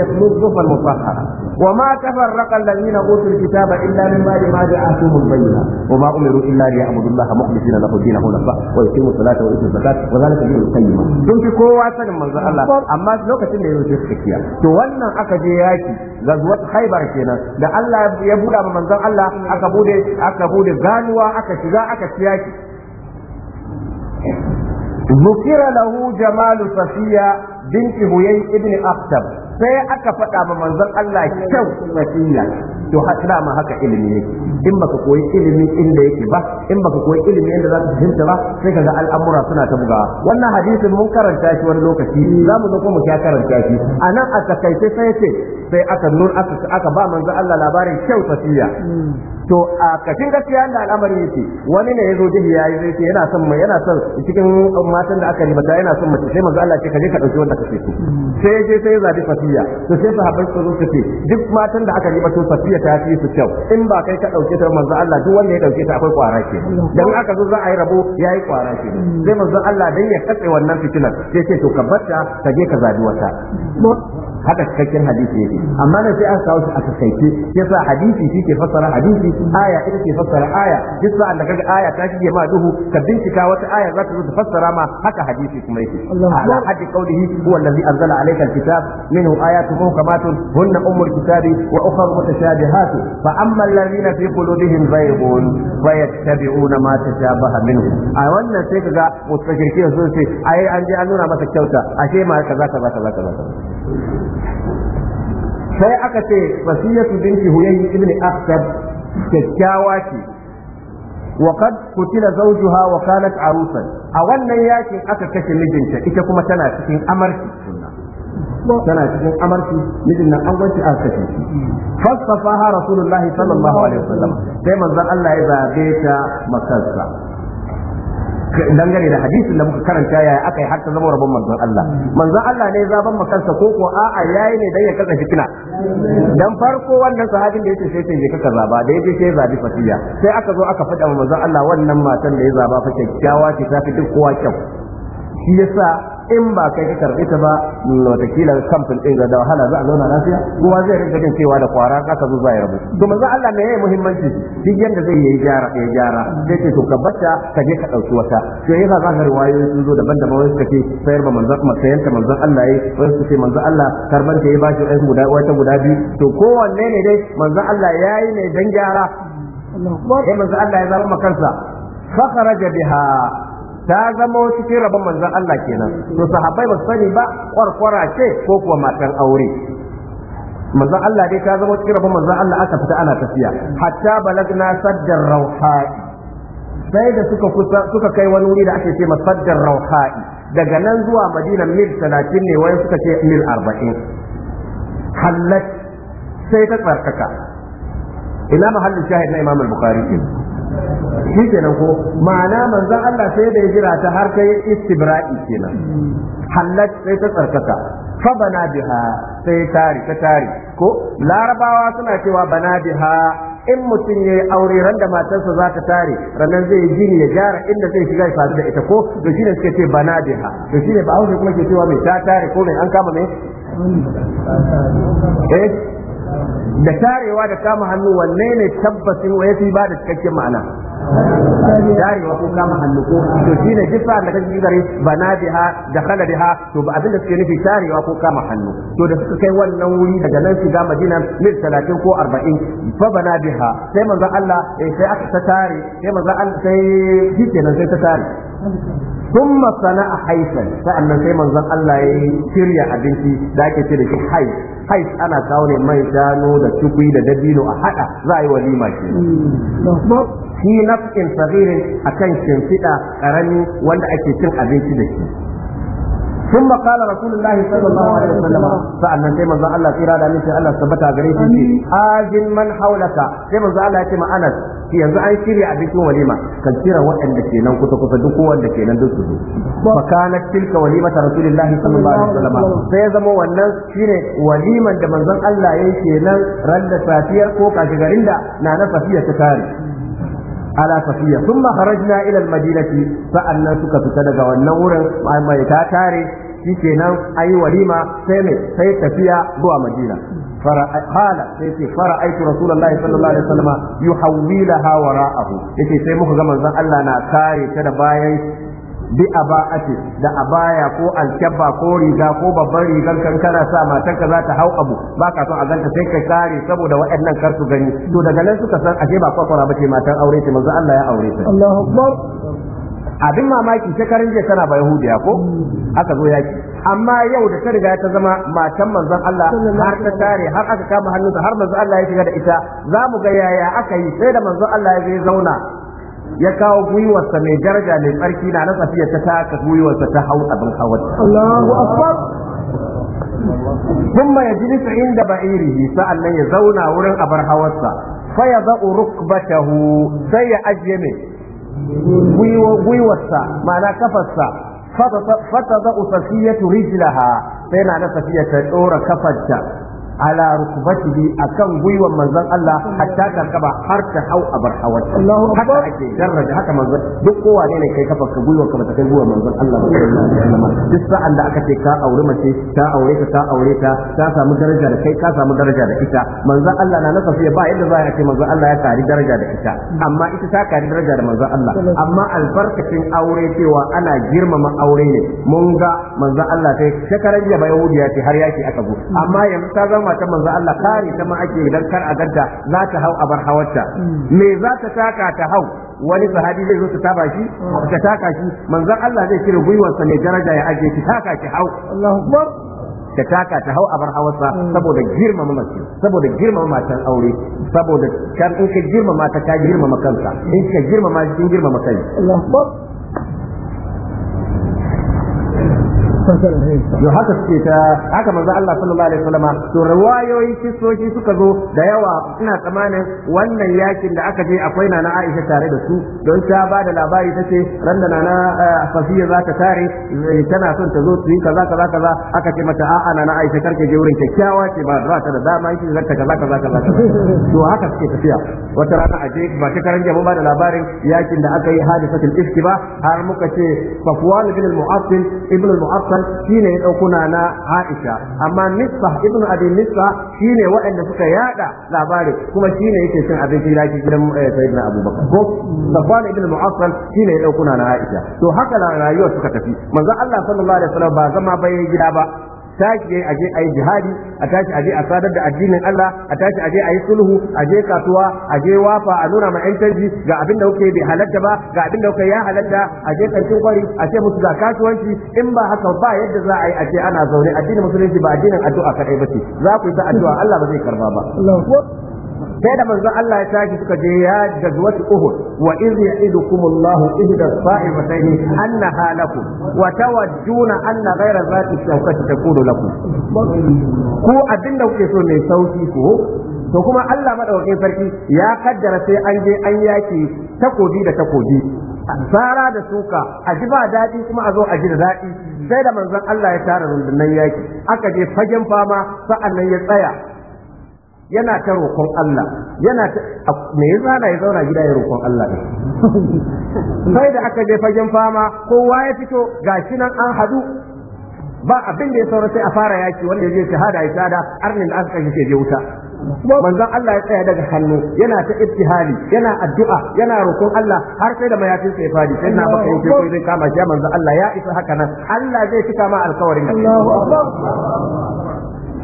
yatlubu al mutahhara وما تفرق الذين اوتوا الكتاب الا من بعد ما جاءهم بينها وما امروا الا ليعبدوا الله مخلصين له الدين حنفاء ويقيموا الصلاه ويؤتوا الزكاه وذلك دين القيم دون في كوا سنن من الله اما لوكacin ده yake سكيا تو wannan aka je yaki gazuwar khaybar kenan da Allah ya buda ma manzon Allah aka bude aka bude ganuwa aka shiga aka yaki ذكر له جمال صفية بنت هيي ابن أخtab sai aka faɗa ma manzon Allah kyau wasiya to hadda ma haka ilimi yake in baka koyi ilimi inda yake ba in baka koyi ilimi inda za ka fahimta ba sai kaga al'amura suna ta bugawa wannan hadisin mun karanta shi wani lokaci za mu zo kuma ya karanta shi anan a takaice sai yace sai aka nun aka aka ba manzon Allah labarin kyau wasiya to a kafin gaskiya Allah al'amari yake wani ne yazo jihi yayi zai ce yana son yana son cikin matan da aka ribata yana son mace sai manzo Allah ce kaje ka dauki wanda kake so sai je sai zabi safiya to sai sahabbai su zo su ce duk matan da aka yi bato safiya ta fi su kyau in ba kai ka dauke ta manzo Allah duk wanda ya dauke ta akwai kwara ke dan aka zo za a yi rabo yayi kwara ke sai manzo Allah dan ya katse wannan fitinar sai ce to ka barta ka je ka zabi wata haka cikakken hadisi yake amma da sai an kawo shi a takaice yasa hadisi shi ke fassara hadisi aya ita ke fassara aya duk sa'an da aya ta shige ma duhu ka bincika wata aya za ta zo ta fassara ma haka hadisi kuma yake ala haddi qawlihi huwa allazi anzala alayka alkitab minhu ayatun muhkamatun hunna ummul kitabi wa ukhra mutashabihat fa amma alladhina fi qulubihim zayghun wa yattabi'una ma tashabaha minhu a wannan sai kaga mutashirkiya sun ce ai an je an nuna masa kyauta ashe ma kaza kaza kaza kaza sai aka ce wasiyatu binti huyayyi ibn akhtab kyakkyawa ce wa qad kutila zawjuha wa kanat arusan a wannan yakin aka kashe mijinta ita kuma tana cikin amarki tana cikin amarki mijin nan an gwanci an kashe shi fasafaha rasulullahi sallallahu alaihi wasallam sai manzon Allah ya zabe ta makarsa. dangane da hadisin da muka karanta yaya aka yi har ta zama rabon manzon Allah manzon Allah ne zaban makansa ko ko a'a yayi ne dan ya kasa fitina dan farko wannan sahabin da yake sai sai ya kasa zaba da yake sai zabi fasiya sai aka zo aka faɗa wa manzon Allah wannan matan da ya zaba fa kyakkyawa ce ta fi duk kowa kyau shi yasa in ba kai ka karbi ta ba kila mm, kamfin din da wahala za a zauna lafiya kuma zai rinka jin cewa da kwara ka zo ya rabu to manzo Allah ne yayi muhimmanci Duk yanda zai yi gyara ya gyara sai ke to ka bata ka je ka dauki wata to yasa za ka riwayoyi sun zo daban-daban wani suka ce sayar ba manzo kuma sayar ta manzo Allah yayi wani suka ce manzo Allah karban ta ba shi wani guda wata guda biyu to kowanne ne dai manzo Allah yayi ne dan gyara Allah ya manzo Allah ya zama kansa fa kharaja biha ta zama cikin rabon manzon Allah kenan to sahabai ba sani ba kwarkwara ce ko kuwa matan aure manzon Allah dai ta zama cikin rabon manzon Allah aka fita ana tafiya hatta balagna saddar rauha'i sai da suka kusa suka kai wani wuri da ake ce masaddar rauha'i daga nan zuwa madina mil 30 ne wai suka ce mil 40 hallat sai ta tsarkaka ina mahallin shahid na imam al-bukhari shi kenan ko ma'ana manzon Allah sai da ya jira ta har kai istibra'i kenan hallat sai ta tsarkaka fa bana biha sai tari ta tari ko larabawa suna cewa bana biha in mutum ya yi aure ran da matarsa za ta tare ranar zai gini ya gyara inda zai shiga ya faru da ita ko da shi ne suke ce bana biha da shi ne ba hausa kuma ke cewa mai ta tare ko mai an kama mai eh? da tarewa da kama hannu wanne ne tabbacin wa yafi ba da cikakken ma'ana tarewa ko kama hannu ko to shine duk sa'an da kake gare na biha da kala biha to ba abin da suke nufi tarewa ko kama hannu to da suka kai wannan wuri daga nan shiga Madina mil 30 ko 40 fa bana biha sai manzo Allah eh, sai aka ta tare sai manzo Allah sai shi nan sai ta tare ثم manzo Allah ya سيما abinci da ake ce da shi حيث hais ana kawo ne mai shanu da tukui da dabino a hada za a yi walima ke shi nafsin a akan shimfiɗa ƙarami wanda ake cin abinci da shi ثم قال رسول الله صلى الله عليه وسلم فأنا كما ذا الله في رادة مثل الله ثبت غريب هاج من حولك كما ذا الله كما yanzu an shirya abincin walima kan kira waɗanda ke nan kusa kusa duk wanda ke nan duk su zo fa kana tilka walimata sallallahu alaihi wasallam sai zama wannan shine waliman da manzon Allah yake kenan ran da safiyar ko kashi garin da na na safiya ta kare على صفية ثم sa'an nan suka fita daga wannan wurin ما يتاتاري shi kenan a yi walima sai mai sai tafiya zuwa madina qala sai ce fara'aitu rasulullahi sallallahu alaihi wasallam yuhawwilaha wara'ahu yace sai muka ga manzon Allah na kare ta da bayan bi aba'ati da baya ko alkabba ko riga ko babbar rigar kan sa matar zata hau abu ba ka son a ganta sai ka kare saboda waɗannan kar su gani to daga nan suka san ashe ba kwakwara bace matan aure ce manzo Allah ya aure ta abin mamaki shekarun jiya tana ba yahudiya ko aka zo yaki amma yau da ta riga ta zama matan manzon Allah har ta tare har aka kama hannunta har manzon Allah ya shiga da ita za mu ga yaya aka yi sai da manzon Allah ya zai zauna ya kawo gwiwarsa mai daraja mai tsarki na na safiya ta taka gwiwarsa ta hau abin hawa Allahu akbar ثم يجلس عند بعيره سألنا يزونا ورن أبر هوسا فيضع ركبته سيأجمه gwiwarsa ma'ana kafarsa fata za usafiyatu rijlaha sai na na safiya ta tsora kafarta ala a kan gwiwan manzon Allah hatta tarkaba har ta hau abar hawar haka ake jarraja haka manzon duk kowa ne kai kafa ka gwiwan ka bata kai gwiwan manzon Allah sallallahu da aka ce ka aure mace ta aure ka ta aure ta ta samu daraja da kai ka samu daraja da ita manzon Allah na nasa sai ba yadda za a ce manzon Allah ya kari daraja da ita amma ita ta kari daraja da manzon Allah amma albarkacin aure cewa ana girmama aure ne mun ga manzon Allah sai shekaran jiya yahudiya ce har yaki aka amma yanzu ta zama auren matan manzo Allah kare ta ma ake dan kar a ganta za ta hau a bar hawarta me za ta taka ta hau wani sahabi zai zo ta taba shi ta taka shi manzo Allah zai cire gwiwarsa mai daraja ya aje ki taka ki hau Allahu Akbar ta taka ta hau a bar hawarsa saboda girmama mace saboda girmama matan aure saboda kan in ka girmama mata ka girmama makanta in ka girmama ma kin girmama kai Allahu Akbar haka suke ta haka manzo Allah sallallahu alaihi wasallam to riwayoyi kisoshi suka zo da yawa ina tsamanin wannan yakin da aka je akwai na Aisha tare da su don ta ba da labari tace ran da nana eh, Safiya za ta tare eh, tana son ta zo su yi kaza kaza kaza aka ce mata a'a nana Aisha karke je wurin kyakkyawa ce ba za ta da dama yake za ta kaza kaza kaza to haka suke tafiya wata rana a je ba ta karan jama'a ba da labarin yakin da aka yi hadisatul iski ba har muka ce Safwan ibn al-Mu'assil ibn al Hassan shine ya ɗaukuna na Aisha amma nisa ibn Abi shi ne waɗanda suka yada labari kuma shi ne yake cin abinci laki gidan eh, Sayyidina Abubakar ko Safwan ibn Mu'assal shine ya ɗaukuna na Aisha to haka rayuwar suka tafi manzo Allah sallallahu alaihi wasallam ba zama bai gida ba tashi a je a yi jihadi a tashi aje a sadar da addinin Allah a tashi aje je a yi sulhu a je kasuwa a je wafa a nuna ma yan canji ga abin da kuke bai halatta ba ga abin da kuke ya halatta a je kantin kwari a ce musu ga kasuwanci in ba haka ba yadda za a yi a ce ana zaune addinin musulunci ba addinin addu'a kadai ba ce za ku yi addu'a Allah ba zai karba ba sai da manzon Allah ya tashi suka je ya da zuwatu uhud wa iz ya'idukumullahu ihda sa'ibatayn annaha lakum wa tawadduna anna ghayra zati shawkati takunu lakum ko abinda kuke so mai sauki ko to kuma Allah madaukakin sarki ya kaddara sai an je an yaki takobi da takobi Zara da suka a ji ba daɗi kuma a zo a ji da daɗi sai da manzon Allah ya tara rundunan yaki aka je fagen fama nan ya tsaya yana ta roƙon Allah yana ta me ya zana ya zauna gida ya roƙon Allah ne sai da aka je fagen fama kowa ya fito gashi nan an hadu ba abin da ya saura sai a fara yaki wanda ya je shahada ya tsada arnin da aka kashe je wuta manzon Allah ya tsaya daga hannu yana ta ibtihali yana addu'a yana roƙon Allah har sai da mayafin sai ya fadi sai na baka yake ko zai kama shi manzon Allah ya isa haka nan Allah zai cika ma alƙawarin da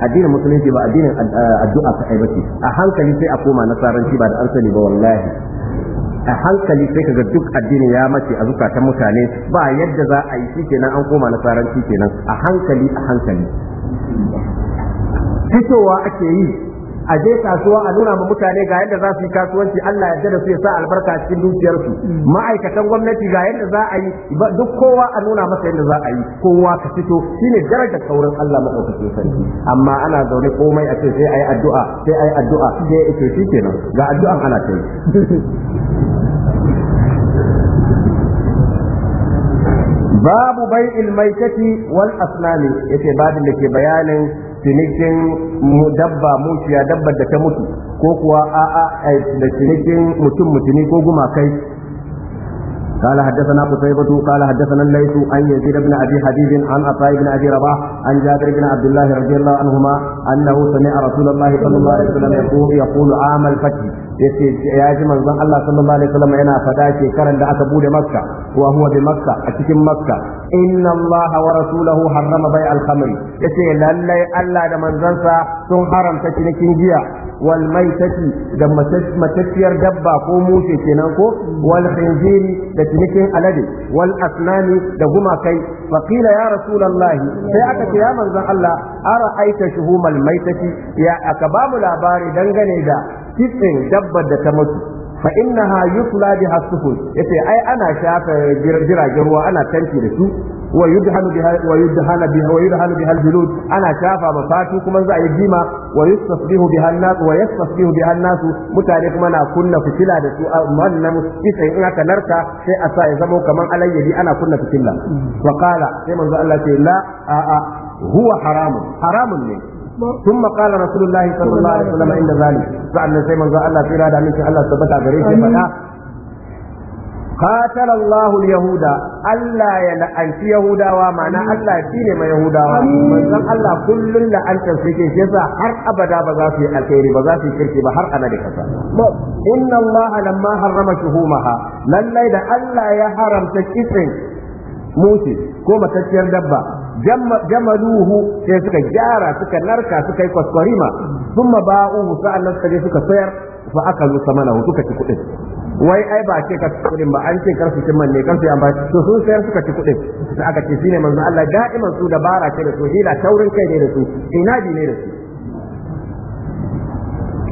addinin musulunci ba addinin eh, addu'a ta kai bace a hankali sai a koma nasaranci ba da an sani ba wallahi a hankali sai kaga duk addini ya mace a zukatan mutane ba yadda za a yi shi kenan an koma nasaranci kenan a hankali a hankali fitowa ake yi a je kasuwa a nuna ma mutane ga yadda za su yi kasuwanci Allah ya da su ya sa albarka a cikin dukiyarsu ma'aikatan gwamnati ga yadda za a yi duk kowa a nuna masa yadda za a yi kowa ka fito shine darajar saurin Allah madaukakin sarki amma ana zaune komai a ce sai ayi addu'a sai ayi addu'a sai ita shi kenan ga addu'an ana ta yi babu bai'il maitati wal aslami yace babin da ke bayanin cinikin dabba muciya dabbar da ta mutu ko kuwa a'a da cinikin mutum mutumi ko gumakai قال حدثنا قتيبة قال حدثنا الليث عن يزيد بن ابي حبيب عن عطاء بن ابي رباح عن جابر بن عبد الله رضي الله عنهما انه سمع رسول الله صلى الله عليه وسلم يقول يقول عام الفتح yace ya ji manzon Allah sallallahu alaihi wasallam yana fada shekaran da aka bude makka wa huwa bi makka a cikin makka inna Allah wa rasuluhu harrama bai al Ya ce lallai Allah da manzansa sun haramta cinikin giya wal maitati da matacciyar dabba ko mushe kenan ko wal khinziri da cinikin alade wal asnani da gumakai fa qila ya rasulullahi sai aka ce ya manzon Allah ara aita shuhumal maitati ya aka ba mu labari dangane da kitsin dabbar da ta mutu fa innaha yusla biha sufun yace ai ana shafa jiragen ruwa ana tanki da su wa yudhalu biha wa yudhalu biha wa biha al-julud ana shafa mafatu kuma za a yi bima, wa yustasbihu biha an-nas wa yastasbihu biha an-nas mutane kuma na kunna fitila da su wannan kitsa in aka narka sai a sa ya zama kaman alayyadi ana kunna fitila wa qala sai manzo Allah ce la a a huwa haramun haramun ne ثم قال رسول الله صلى الله عليه وسلم عند ذلك فعلنا زي من الله في هذا منك الله ثبت غريب قاتل الله اليهود ألا يلعن في يهودا ومعنى ألا يدين ما يهودا ومعنى ألا كل لعن تنسيك يسا حر أبدا بذاتي الخير بذاتي شرك بحر أمريكا إن الله لما حرم شهومها لن ليد ألا يحرم تكسن موسي كوما تكسر دبا jamaluhu sai suka gyara suka narka suka yi kwaskwarima sun ma ba'uhu sa'an suka je suka sayar fa aka zo samana suka ci kuɗin wai ai ba ce ka ci kuɗin ba an ce karfi cin manne ne an ba to sun sayar suka ci kuɗin da aka ce shine manzo Allah da'iman su dabara ce da su hila taurin kai ne da su inadi ne da su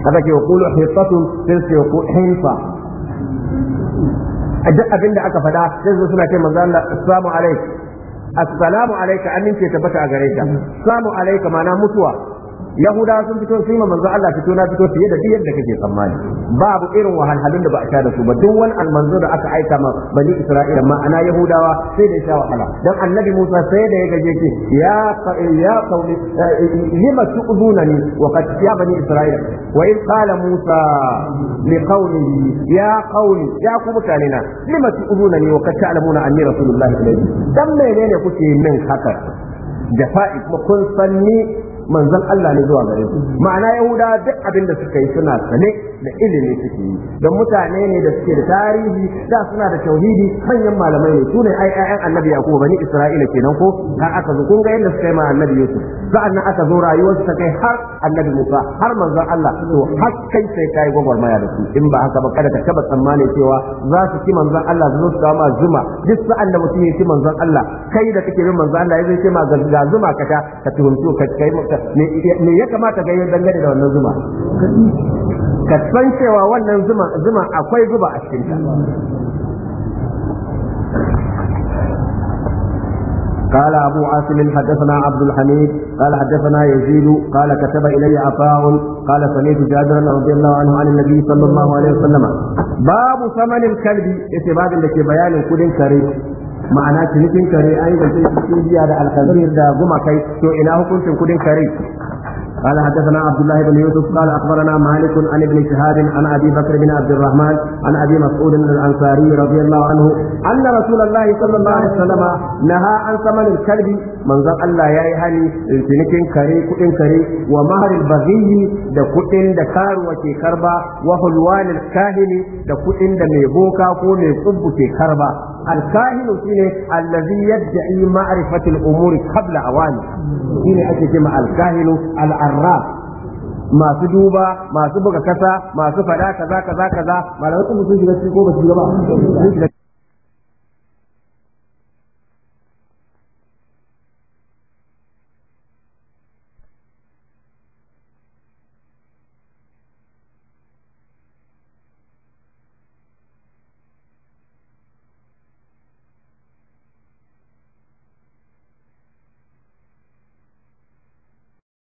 kada ke yaqulu hitatun sai su yaqulu hinfa duk abin da aka faɗa sai su suna ce manzo Allah assalamu alaikum assalamu alayka amince tabbata a gare ka Salamu alaika mana mutuwa yahudawa sun fito sun yi manzo Allah fito na fito fiye da yadda kake tsammani babu irin wahalhalun da ba a sha da su ba duk wani almanzo da aka aika ma bani isra'ila ma'ana yahudawa sai da sha wahala dan annabi Musa sai da ya gaje ce ya ya qauli eh, lima tu'zunani wa qad ya bani isra'ila wa in Musa li qaulihi ya qauli ya ku mutane na lima tu'zunani wa qad rasulullahi ilayhi dan ne kuke min haka jafa'i kuma manzon Allah ne zuwa gare su ma'ana yahuda duk abin da suka yi suna sane da ilimi suke yi don mutane ne da suke da tarihi da suna da tauhidi manyan malamai ne su ne ai ƴaƴan annabi yakubu bani isra'ila kenan ko har aka zo kun ga yadda suka yi ma annabi yusuf sa'annan aka zo rayuwarsu ta kai har annabi musa har manzon Allah to har kai sai kai gwagwarmaya da su in ba haka ba kada ka taba tsammani cewa za su ki manzon Allah su zo su ma zuma duk sa'an da mutum ya ki manzon Allah kai da kake bin manzon Allah ya zai ce ma ga zuma ka ta ka tuhumto ka kai me ya kamata ga yau dangane da wannan zuma ka san cewa wannan zuma zuma akwai zuba a cikin ta قال أبو عاصم حدثنا عبد الحميد قال حدثنا يزيد قال كتب إلي عفاء قال سمعت جابرا رضي الله عنه عن النبي صلى الله عليه وسلم باب ثمن الكلب في باب لك بيان كل كريم ma'ana cinikin kare ai da sai cikin jiya da alkazir da gumakai to ina hukuncin kudin kare قال حدثنا عبد الله بن يوسف قال اخبرنا مالك عن ابن شهاب عن ابي بكر بن عبد الرحمن عن ابي مسعود الانصاري رضي الله عنه ان رسول الله صلى الله عليه وسلم نهى عن ثمن الكلب manzon Allah ya yi hani eh, cinikin kare kudin kare wa maharil baghi da kudin da karuwa ke karba wa hulwanil kahini da kudin da mai boka ko mai kubbu ke karba Alkahilu shine allazi yad'i ma'rifatil umuri qabla awani shine ake cewa alkahilu al-arraf masu duba masu buga kasa masu fada kaza kaza kaza malamai sun shiga cikin ko ba su shiga ba